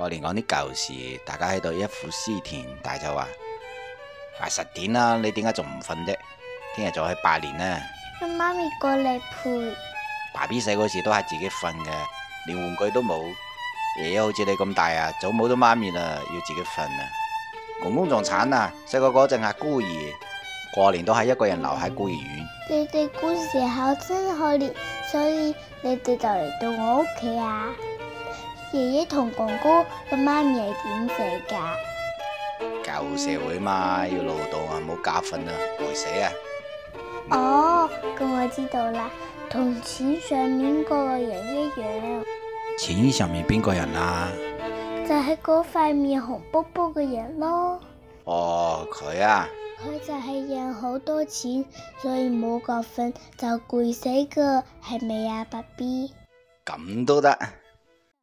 過年講啲舊事，大家喺度一苦思甜。大就話快十點啦，你點解仲唔瞓啫？聽日仲去拜年呢？阿媽咪過嚟陪。爸 B 細個時都係自己瞓嘅，連玩具都冇。爺爺好似你咁大啊，早冇咗媽咪啦，要自己瞓啊。公公仲慘啊，細個嗰陣係孤兒，過年都係一個人留喺孤兒院。你哋古時候真可憐，所以你哋就嚟到我屋企啊。爺爺同公公嘅媽咪係點死噶？舊社會嘛，要勞動啊，冇假瞓啊，攰死啊！哦，咁我知道啦，同錢上面嗰個人一樣。錢上面邊個人啊？就係嗰塊面紅卜卜嘅人咯。哦，佢啊！佢就係贏好多錢，所以冇假瞓就攰死噶，係咪啊，爸 B？咁都得。